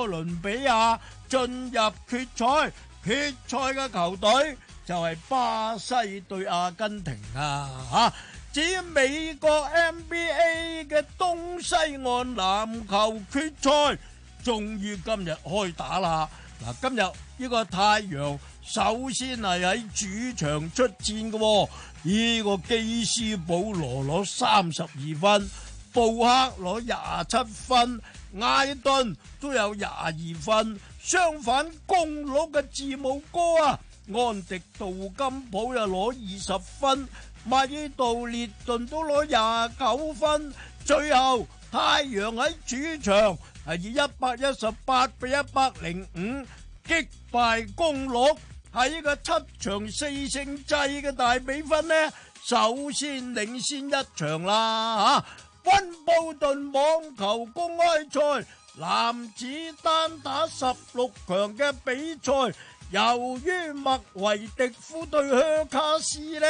哥倫比亞進入決賽，決賽嘅球隊就係巴西對阿根廷啊！吓，至於美國 NBA 嘅東西岸籃球決賽，終於今日開打啦！嗱，今日呢個太陽首先係喺主場出戰嘅，呢個基斯保羅攞三十二分，布克攞廿七分。艾頓都有廿二分，相反公鹿嘅字母哥啊，安迪杜金普又攞二十分，麥迪杜列頓都攞廿九分，最後太陽喺主場係以 5, 一百一十八比一百零五擊敗公鹿，係呢個七場四勝制嘅大比分呢，首先領先一場啦吓。啊溫布頓網球公開賽男子單打十六強嘅比賽，由於麥維迪夫對香卡斯呢，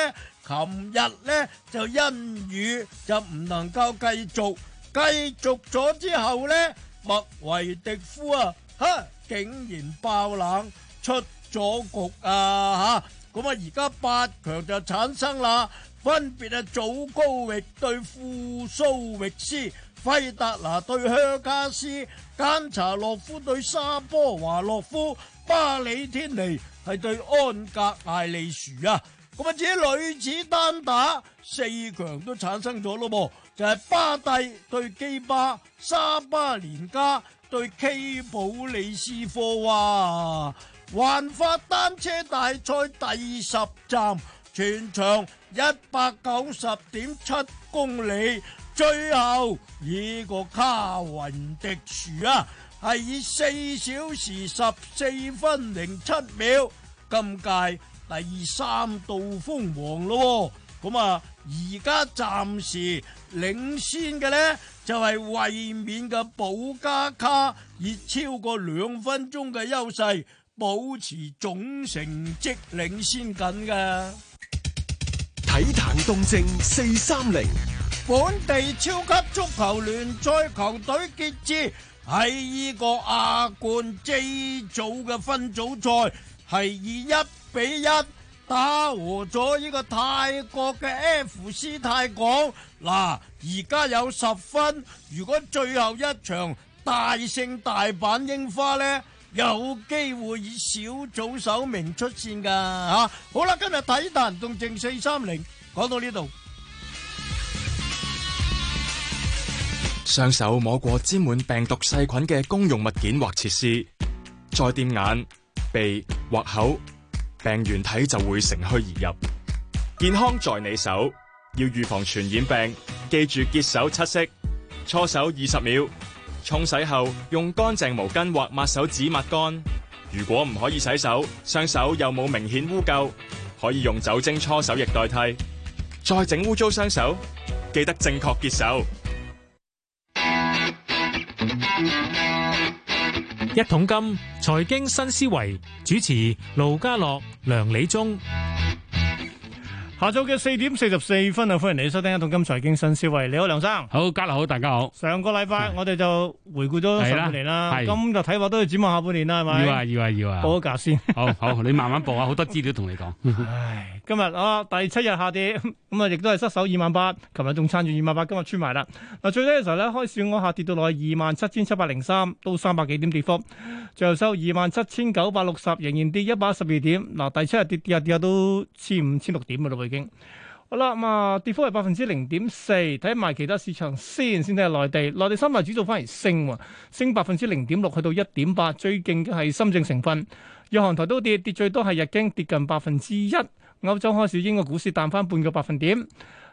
琴日呢就因雨就唔能夠繼續，繼續咗之後呢，麥維迪夫啊，吓竟然爆冷出咗局啊吓，咁啊而家八強就產生啦。分別係祖高域對富蘇域斯、費達拿對香加斯、簡查洛夫對沙波華洛夫、巴里天尼係對安格艾利殊啊！咁啊，自己女子單打四強都產生咗咯噃，就係、是、巴蒂對基巴、沙巴連加對 K 普里斯科娃。環法單車大賽第十站。全長一百九十點七公里，最後呢個卡雲迪殊啊，係以四小時十四分零七秒，今屆第三度封王咯。咁啊，而家暫時領先嘅呢，就係衛冕嘅保加卡，以超過兩分鐘嘅優勢保持總成績領先緊噶。體壇動靜四三零，本地超級足球聯賽球隊傑志喺呢個亞冠 J 組嘅分組賽，係以一比一打和咗呢個泰國嘅 FC 泰港。嗱，而家有十分，如果最後一場大勝大阪櫻花呢，有機會以小組首名出線噶吓，好啦，今日體壇動靜四三零，講到呢度。雙手摸過沾滿病毒細菌嘅公用物件或設施，再掂眼、鼻或口，病原體就會乘虛而入。健康在你手，要預防傳染病，記住潔手七式，搓手二十秒。沖洗後用乾淨毛巾或抹手指抹乾。如果唔可以洗手，雙手又冇明顯污垢，可以用酒精搓手液代替。再整污糟雙手，記得正確潔手。一桶金財經新思維，主持盧家樂、梁理忠。下晝嘅四點四十四分啊，歡迎你收聽一同《一桶金財經新思維》。你好，梁生，好家樂好，大家好。上個禮拜我哋就回顧咗上半年啦，咁就睇話都要展望下半年啦，係咪？要啊，要啊，要啊。報個價先。好好，好 你慢慢報下，好 多資料同你講。唉， 今日啊，第七日下跌，咁、嗯、啊，亦都係失守二萬八。琴日仲撐住二萬八，今日穿埋啦。嗱、啊，最低嘅時候咧，開始我下跌到落去二萬七千七百零三，都三百幾點跌幅。最後收二萬七千九百六十，仍然跌一百一十二點。嗱、啊，第七日跌跌下跌下跌都千五千六點嘅咯。好啦，咁啊，跌幅係百分之零點四。睇埋其他市場先，先睇下內地。內地三大指數反而升，升百分之零點六，去到一點八。最勁嘅係深證成分，日韓台都跌，跌最多係日經跌近百分之一。歐洲開市，英國股市淡翻半個百分點。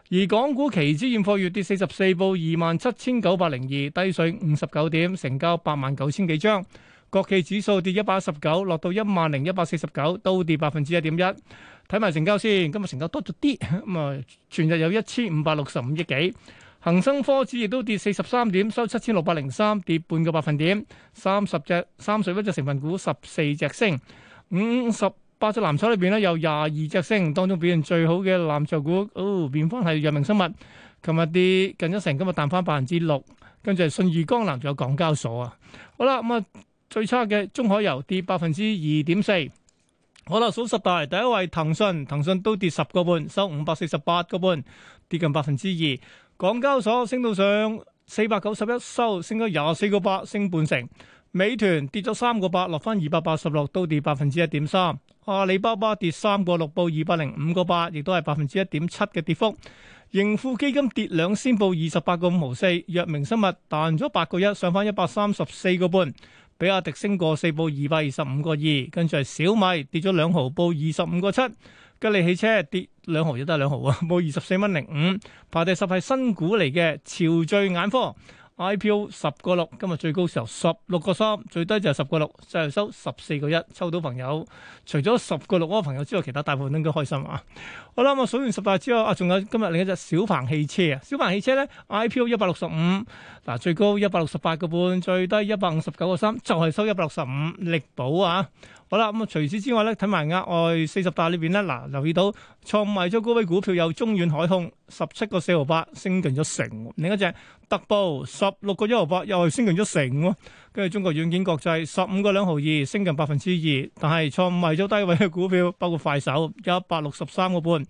而港股期指現貨月跌四十四，報二萬七千九百零二，低水五十九點，成交八萬九千幾張。國企指數跌一百一十九，落到一萬零一百四十九，都跌百分之一點一。睇埋成交先，今日成交多咗啲，咁啊全日有一千五百六十五億幾。恒生科指亦都跌四十三點，收七千六百零三，跌半個百分點。三十隻三水一隻成分股十四隻升，五十八隻藍籌裏邊咧有廿二隻升，當中表現最好嘅藍籌股，哦，變方係藥明生物，琴日跌近一成，今日彈翻百分之六，跟住係信義江南仲有港交所啊。好啦，咁啊最差嘅中海油跌百分之二點四。好啦，數十大，第一位騰訊，騰訊都跌十個半，收五百四十八個半，跌近百分之二。港交所升到上四百九十一，收升咗廿四個八，升半成。美團跌咗三個八，落翻二百八十六，都跌百分之一點三。阿里巴巴跌三個六，報二百零五個八，亦都係百分之一點七嘅跌幅。盈富基金跌兩仙報二十八個五毫四，藥明生物彈咗八個一，上翻一百三十四個半。比亞迪升過四，報，二百二十五個二，跟住係小米跌咗兩毫，報二十五個七。吉利汽車跌兩毫，也兩毫，亦都係兩毫啊，報二十四蚊零五。排第十係新股嚟嘅潮聚眼科，IPO 十個六，今日最高時候十六個三，最低就係十個六，就係收十四個一。抽到朋友，除咗十個六嗰個朋友之外，其他大部分都應該開心啊！好啦，我數完十大之後啊，仲有今日另一隻小鵬汽車啊，小鵬汽車咧 IPO 一百六十五，嗱最高一百六十八個半，最低一百五十九個三，就係收一百六十五力保啊！好啦，咁啊除此之外咧，睇埋額外四十大裏邊咧，嗱留意到創賣咗高位股票有中遠海控十七個四毫八，8, 升近咗成；另一隻特步十六個一毫八，8, 又係升近咗成。跟住中國軟件國際十五個兩毫二升近百分之二，但係創埋咗低位嘅股票，包括快手有一百六十三個半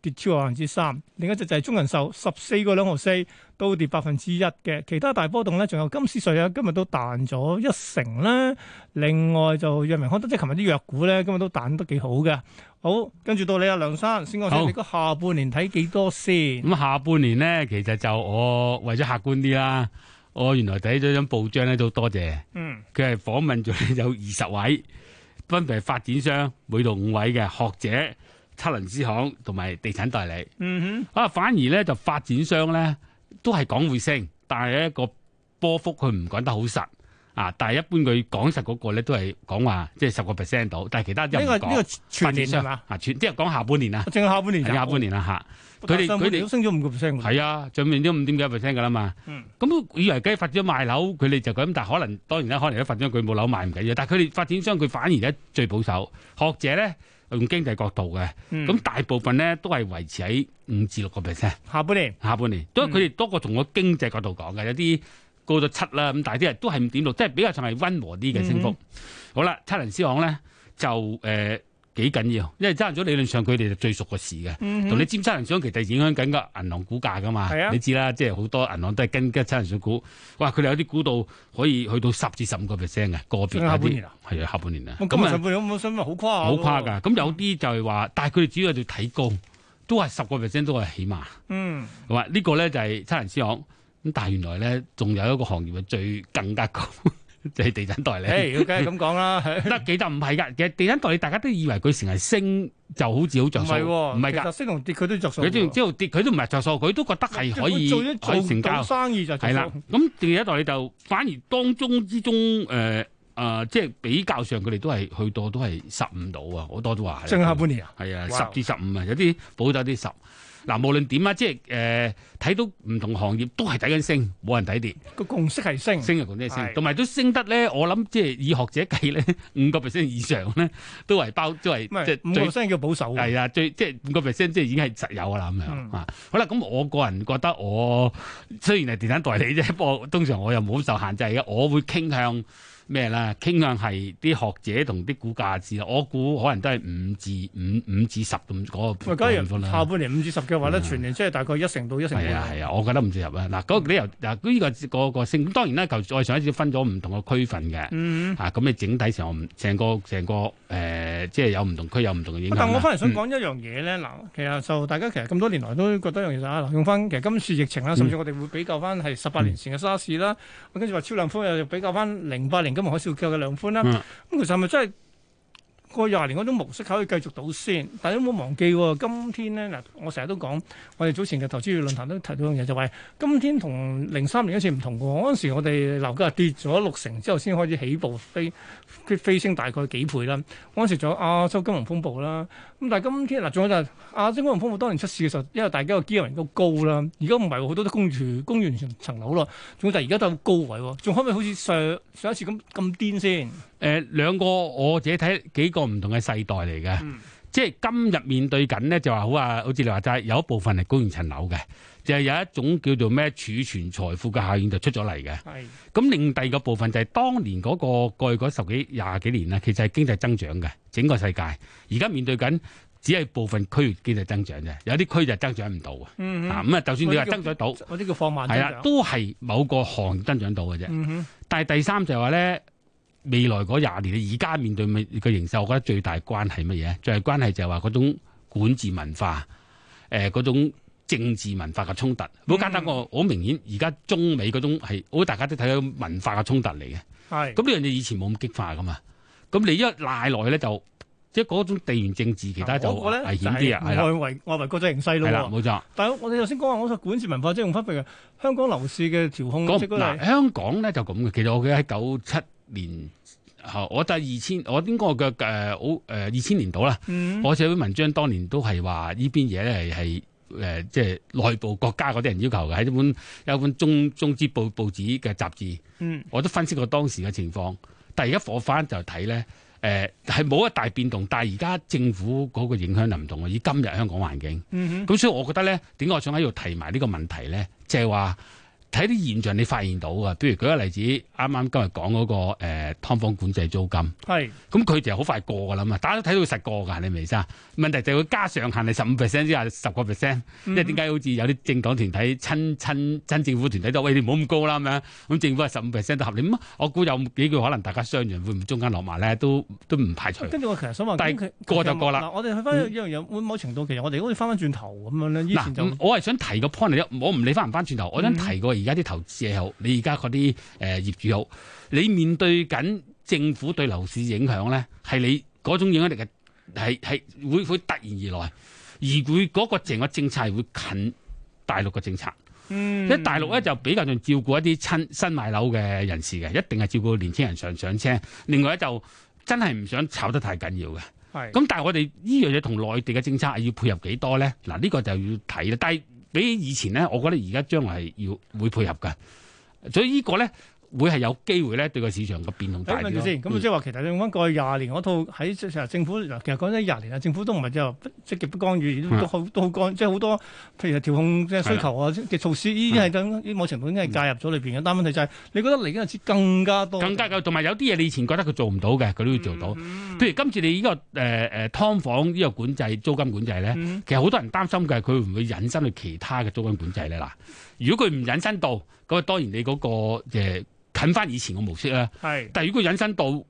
跌超百分之三。另一隻就係中人壽十四個兩毫四都跌百分之一嘅。其他大波動咧，仲有金斯瑞啊，今日都彈咗一成啦。另外就藥明康德即係琴日啲藥股咧，今日都彈得幾好嘅。好，跟住到你阿梁生先講下你個好 下半年睇幾多先？咁下半年咧，其實就我為咗客觀啲啦。我、哦、原來睇咗張報章咧，都多謝。嗯，佢係訪問咗有二十位，分別發展商每度五位嘅學者、七輪支行同埋地產代理。嗯哼，啊，反而咧就發展商咧都係講會升，但係一個波幅佢唔講得好實啊。但係一般佢講實嗰個咧都係講話即係十個 percent 度。但係其他啲人講發展商全嗎啊，即係講下半年啊，正係下半年，下半年啦佢哋佢哋升咗五個 percent，係啊，上面都五點幾 percent 噶啦嘛。咁、嗯、以為佢發展咗賣樓，佢哋就咁，但可能當然啦，可能一發展咗佢冇樓賣唔緊要。但係佢哋發展商佢反而咧最保守。學者咧用經濟角度嘅，咁、嗯、大部分咧都係維持喺五至六個 percent。下半年，下半年，因佢哋多過同個經濟角度講嘅，有啲高咗七啦，咁但係啲人都係五點六，即係比較上係溫和啲嘅升幅。嗯、好啦，七人思行咧就誒。呃幾緊要，因為差人組理論上佢哋就最熟個事嘅，同、嗯、哼你尖差人商期其實影響緊個銀行股價噶嘛。係啊，你知啦，即係好多銀行都係跟跟差人商股，哇，佢哋有啲估到可以去到十至十五個 percent 嘅，個別係啲係啊，下半年啊，咁啊，上半年咁咁，咪好誇好誇噶。咁那有啲就係話，嗯、但係佢哋主要係要睇高，都係十個 percent，都係起碼。嗯，話呢個咧就係、是、差人商行。咁但係原來咧仲有一個行業係最更加高。就係地產代理，梗係咁講啦。得幾就唔係㗎，其實地產代理大家都以為佢成日升，就好似好着數。唔係、啊，唔係㗎，升同跌佢都着數，數。佢之後跌，佢都唔係着數，佢都覺得係可，可以做，做可以成交生意就係啦。咁地產代理就反而當中之中誒。呃誒、呃，即係比較上他們，佢哋都係去到都係十五度啊，好多都話係升，下半年啊，係啊，十至十五啊，有啲保底啲十。嗱，無論點啊，即係誒、睇、呃、到唔同行業都係睇緊升，冇人睇跌。個共識係升，升同埋都升得咧，我諗即係以學者計咧，五個 percent 以上咧，都係包，都係即係最個嘅保守的。係啊，最即係五個 percent，即係已經係實有啦咁樣啊。好啦，咁我個人覺得我雖然係地產代理啫，不過通常我又冇好受限制嘅，我會傾向。咩啦？傾向係啲學者同啲估價字，我估可能都係五至五五至十咁嗰個。下半年五至十嘅話咧，嗯、全年即係大概一成到一成半。係啊，係啊，我覺得五至十啊！嗱、嗯，嗰理由嗱，依、這個、這個、這個升、這個這個，當然啦，就再上一次分咗唔同嘅區份嘅。咁你、嗯啊、整體上成個成個誒、呃，即係有唔同區有唔同嘅影響。但我翻嚟想講、嗯、一樣嘢咧，嗱，其實就大家其實咁多年來都覺得一樣嘢、就係、用翻其實今次疫情啦，甚至我哋會比較翻係十八年前嘅沙士啦，跟住話超量寬又比較翻零八年好、嗯嗯、笑嘅梁寬啦，咁其實咪真係。過廿年嗰種模式可以繼續到先，但係都冇忘記喎、哦。今天咧嗱，我成日都講，我哋早前嘅投資論壇都提到樣嘢、就是，就係今天同零三年一次唔同喎。嗰陣時我哋樓價跌咗六成之後，先開始起步飛，飛升大概幾倍啦。嗰陣時仲有亞洲金融風暴啦。咁但係今天嗱，仲、啊、有就係亞洲金融風暴當年出事嘅時候，因為大家個 gearing 都高啦，而家唔係好多都供住供完層層樓啦。仲要就係而家都好高位喎，仲可唔可以好似上上一次咁咁癲先？誒兩個，我自己睇幾個唔同嘅世代嚟嘅，嗯、即係今日面對緊呢就話好啊，好似你話齋有一部分係供完層樓嘅，就係、是、有一種叫做咩儲存財富嘅效應就出咗嚟嘅。咁是，另第二個部分就係當年嗰、那個過去嗰十幾廿幾年呢，其實係經濟增長嘅整個世界。而家面對緊，只係部分區域經濟增長啫，有啲區就增長唔到啊。嗯咁、嗯、啊、嗯，就算你話增長到，我啲叫，叫放慢增長，係啦，都係某個行業增長到嘅啫。嗯嗯但係第三就係話咧。未來嗰廿年，你而家面對美個形勢，我覺得最大關係乜嘢？最大關係就係話嗰種管治文化，嗰、呃、種政治文化嘅衝突，好簡單我，好明顯。而家中美嗰種係，我大家都睇到文化嘅衝突嚟嘅。係咁呢樣嘢以前冇咁激化噶嘛。咁你一賴落去咧，就即係嗰種地緣政治其他就危險啲啊，係外圍外圍國際形勢咯。係啦，冇錯。但係我哋頭先講話嗰個管治文化即係用翻譬如香港樓市嘅調控嗱，香港咧、呃、就咁嘅。其實我記得喺九七。年嚇，我得二千，呃 mm hmm. 我應該嘅誒好誒二千年度啦。我寫篇文章，當年都係話呢邊嘢咧係誒，即、呃、係、就是、內部國家嗰啲人要求嘅，喺一本有一本中中資報報紙嘅雜誌。嗯，我都分析過當時嘅情況，但係而家我翻就睇咧誒，係、呃、冇一大變動，但係而家政府嗰個影響就唔同啊！以今日香港環境，咁、mm hmm. 所以我覺得咧，點解我想喺度提埋呢個問題咧？即係話。睇啲現象，你發現到嘅，譬如舉個例子，啱啱今日講嗰個誒、欸、劏房管制租金，係是，咁佢就係好快過嘅啦嘛，大家都睇到實過嘅，李薇生。問題就佢加上限係十五 percent，之下，十個 percent，即係點解好似有啲政黨團體、親親親政府團體都話：喂、哎，你唔好咁高啦，咁樣，咁政府係十五 percent 都合理。我估有幾個可能大家商量會唔中間落埋咧，都都唔排除。跟住我其實想問，但係過就過啦。過過嗯、我哋去翻一樣嘢，會某程度其實我哋好似翻翻轉頭咁樣咧。以前，就、啊嗯、我係想提個 point 嚟，我唔理翻唔翻轉頭，我想提個 point、嗯。而家啲投資又好，你而家嗰啲誒業主好，你面對緊政府對樓市影響咧，係你嗰種影響力嘅係係會會突然而來，而佢嗰個整個政策係會近大陸嘅政策。嗯，即係大陸咧就比較仲照顧一啲新新買樓嘅人士嘅，一定係照顧年青人上上車。另外咧就真係唔想炒得太緊要嘅。係咁是，但係我哋呢樣嘢同內地嘅政策係要配合幾多咧？嗱，呢、呢個就要睇得低。比起以前咧，我覺得而家將來係要會配合嘅，所以個呢個咧。會係有機會咧，對個市場嘅變動大問住先，咁即係話其實你講過去廿年嗰套喺成日政府其實講緊廿年啊，政府都唔係就積極不干預，都好都好幹，即係好多譬如調控即係需求啊，其實措施依啲係等依某程度已經係介入咗裏邊嘅。但係問題就係你覺得嚟緊次更加多，更加嘅，同埋有啲嘢你以前覺得佢做唔到嘅，佢都要做到。譬如今次你呢個誒誒劏房呢個管制租金管制咧，其實好多人擔心嘅，佢會唔會引申到其他嘅租金管制咧？嗱，如果佢唔引申到，咁啊當然你嗰個搵翻以前嘅模式啊！係是，但係如果引申到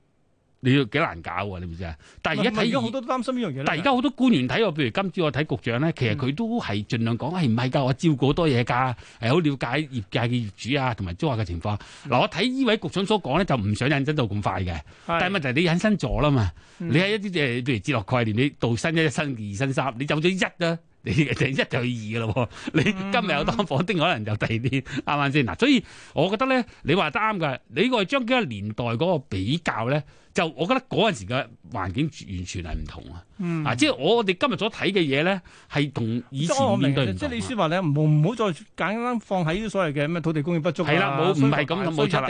你要幾難搞啊？你明唔知？啊？但係而家睇而家好多擔心呢樣嘢。但係而家好多官員睇我，譬如今朝我睇局長咧，其實佢都係盡量講，係唔係噶？我照顧多嘢噶，係好了解業界嘅業主啊，同埋租客嘅情況。嗱、嗯，我睇呢位局長所講咧，就唔想引申到咁快嘅。是但係問題你引申咗啦嘛？你喺一啲即係譬如接落概念，你到新一、新二、新三，你走咗一啊。你就一對二咯喎！你今日有當火丁，嗯、可能就第二啲啱啱先嗱。所以我覺得咧，你話得啱㗎。你呢個係將幾多年代嗰個比較咧？就我覺得嗰陣時嘅環境完全係唔同、嗯、啊！嗱，即係我哋今日所睇嘅嘢咧，係同以前面對即係你先話你唔好再簡單放喺啲所謂嘅咩土地供應不足、啊。係啦，冇唔係咁冇拆，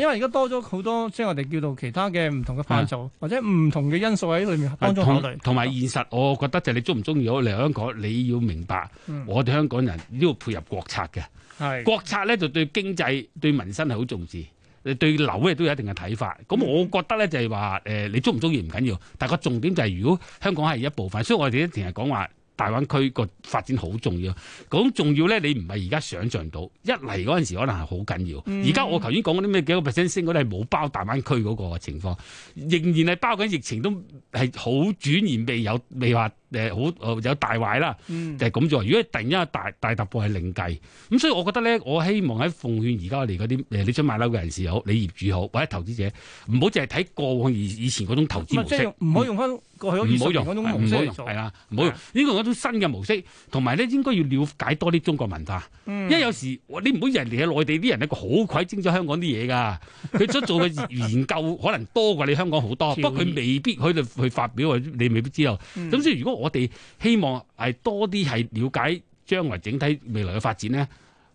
因為而家多咗好多，即係我哋叫做其他嘅唔同嘅範疇，的或者唔同嘅因素喺裏面當中同埋現實，我覺得就係你中唔中意香港，你要明白，我哋香港人呢個配合國策嘅。嗯、國策咧就對經濟對民生係好重視，誒對樓咧都有一定嘅睇法。咁我覺得咧就係話，誒你鍾唔鍾意唔緊要，但個重點就係、是、如果香港係一部分，所以我哋一停日講話大灣區個發展好重要。講重要咧，你唔係而家想象到，一嚟嗰陣時候可能係好緊要，而家我頭先講嗰啲咩幾個 percent 升嗰啲冇包大灣區嗰個情況仍然係包緊疫情都係好轉，而未有未話。誒、嗯、好有大壞啦，就係、是、咁做。如果突然間大大突破係另計，咁所以我覺得咧，我希望喺奉勸而家我哋嗰啲誒你想買樓嘅人士好，你業主好，或者投資者，唔好淨係睇過去以，以前嗰種投資模式，唔好、就是、用翻、嗯、用過去以前嗰種模式，唔好用，係啦，唔好用。呢個用一種新嘅模式，同埋咧應該要了解多啲中國文化，嗯、因為有時你唔好以人哋喺內地啲人一個好鬼精，咗香港啲嘢㗎，佢 做做嘅研究可能多過你香港好多，意不過佢未必可去發表，你未必知道。咁、嗯、所以如果我哋希望係多啲係了解將來整體未來嘅發展咧。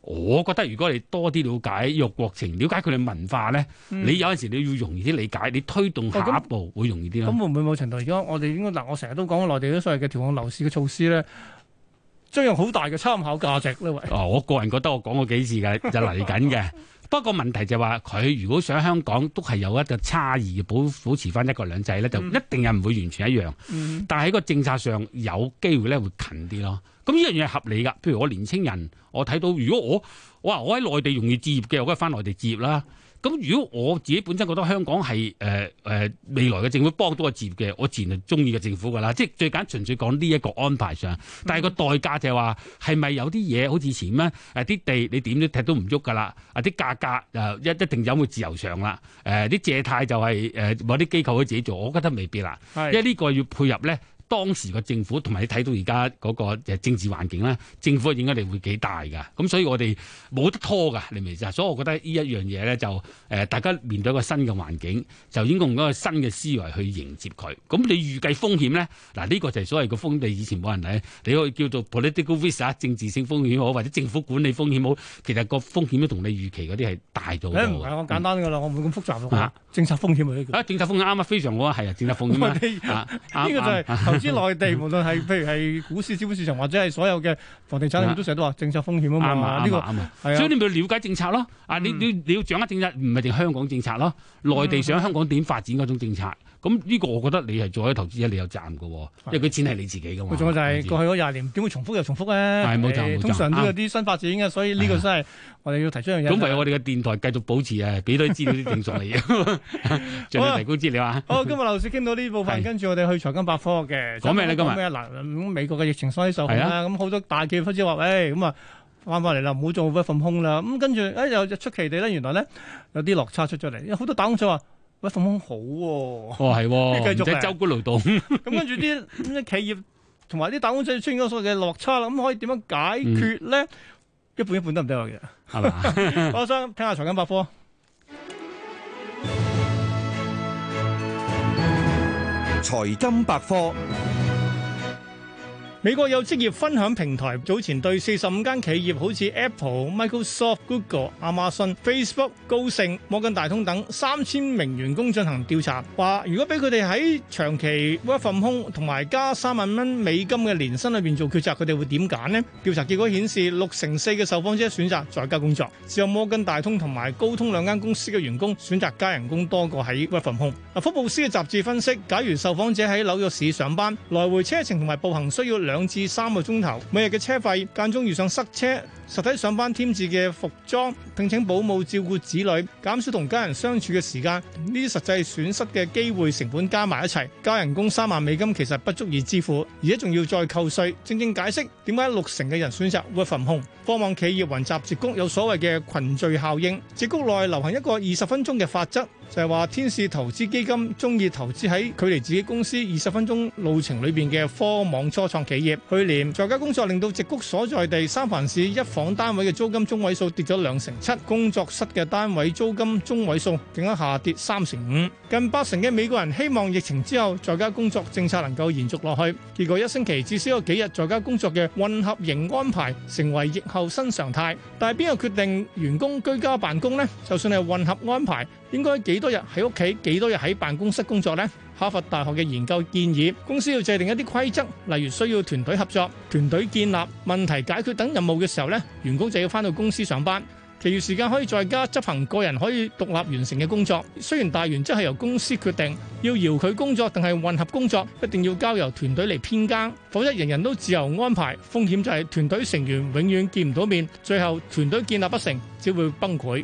我覺得如果你多啲了解弱國情、了解佢哋文化咧，嗯、你有陣時你要容易啲理解，你推動下一步會容易啲咯。咁、嗯嗯、會唔會某程度而家我哋應該嗱，我成日都講內地都所謂嘅調控樓市嘅措施咧，將有好大嘅參考價值咧。喂，哦，我個人覺得我講過幾次嘅就嚟緊嘅。 不過問題就係話佢如果想香港都係有一個差異保，保持翻一國兩制咧，就一定係唔會完全一樣。但係喺個政策上有機會咧，會近啲咯。咁呢樣嘢係合理㗎。譬如我年輕人，我睇到如果我，哇！我喺內地容易置業嘅，我梗係翻內地置業啦。咁如果我自己本身覺得香港係未來嘅政府幫到我接嘅，我自然係中意嘅政府㗎啦。即係最簡單純粹講呢一個安排上，但係個代價就係話係咪有啲嘢好似前咩啲地你點都踢都唔喐㗎啦？啊啲價格一一定有冇自由上啦？啲借貸就係誒某啲機構去自己做，我覺得未必啦。因為呢個要配合咧。當時個政府同埋你睇到而家嗰個政治環境咧，政府嘅影響力會幾大㗎？咁所以我哋冇得拖㗎，你明唔明？所以我覺得呢一樣嘢咧，就誒大家面對一個新嘅環境，就應該用一個新嘅思維去迎接佢。咁你預計風險咧？嗱，呢個就係所謂個風險。以前冇人睇，你可以叫做 political risk 政治性風險好，或者政府管理風險好。其實個風險都同你預期嗰啲係大到誒，我、哎、簡單㗎啦，嗯、我唔會咁複雜的。啊，啊，政策風險啊呢個。政策風險啱 啊，非常好啊，係、就係、啊，政策風險呢個就係。不知內地無論係譬如係股市、資本市場或者係所有嘅房地產，你 都成日都話政策風險啊嘛，呢、 這個，所以你咪了解政策咯。啊、嗯，你你你要掌握政策，唔係淨香港政策咯，嗯、內地想香港點發展嗰種政策。咁呢個我覺得你係做開投資者，你有賺嘅喎，因為佢錢係你自己嘅嘛。仲有就係過去嗰廿年點會重複又重複咧？係冇錯通常都有啲新發展嘅，所以呢個真係我哋要提出一樣嘢。咁為我哋嘅電台繼續保持啊，俾多啲資料啲正統嘅提供資料啊。好，今日樓市傾到呢部分，跟住我哋去財經百科嘅。講咩咧今日？講咩？嗱，美國嘅疫情收啲手啦，咁好多大企業開始話，喂，咁啊，翻返嚟啦，唔好做不放空啦。咁跟住，誒又出奇地咧，原來咧有啲落差出咗嚟，有好多打工仔話。喂，咁好喎、啊，哦係，唔使周公勞動。咁 跟住啲啲企業同埋啲打工仔出現咗所謂嘅落差啦，咁可以點樣解決咧？嗯、一半一半得唔得嘅？係咪吧 我想聽下財金百科。財金百科。美國有職業分享平台早前對四十五間企業，好似 Apple、Microsoft、Google、Amazon、Facebook、高盛、摩根大通等三千名員工進行調查，話如果俾佢哋喺長期 work from home 同埋加三萬蚊美金嘅年薪裏面做抉擇，佢哋會點揀呢？調查結果顯示，六成四嘅受訪者選擇在家工作。只有摩根大通同埋高通兩間公司嘅員工選擇加人工多過喺 work from home。福布斯嘅雜誌分析，假如受訪者喺紐約市上班，來回車程同埋步行需要兩至三個鐘頭，每日嘅車費，間中遇上塞車，實體上班添置嘅服裝，聘請保姆照顧子女，減少同家人相處嘅時間，呢啲實際損失嘅機會成本加埋一齊，加人工三萬美金其實不足以支付，而且仲要再扣稅。正正解釋點解六成嘅人選擇會焚控。科網企業雲集矽谷，有所謂嘅群聚效應，矽谷內流行一個二十分鐘嘅法則，就係話天使投資基金中意投資喺距離自己公司二十分鐘路程裏邊嘅科網初創企業。去年在家工作令到矽谷所在地三藩市一港單位嘅租金中位數跌咗兩成七，工作室嘅單位租金中位數更加下跌三成五，近八成嘅美國人希望疫情之後在家工作政策能夠延續落去。結果一星期至少有幾日在家工作嘅混合型安排成為疫後新常態，但係邊個決定員工居家辦公呢？就算係混合安排，應該幾多日喺屋企，幾多日喺辦公室工作呢？哈佛大學嘅研究建議，公司要制定一啲規則，例如需要團隊合作、團隊建立、問題解決等任務嘅時候呢，員工就要返到公司上班，其餘時間可以在家執行個人可以獨立完成嘅工作。雖然大原則係由公司決定，要遙佢工作定係混合工作，一定要交由團隊嚟編更，否則人人都自由安排，風險就係團隊成員永遠見唔到面，最後團隊建立不成，只會崩潰。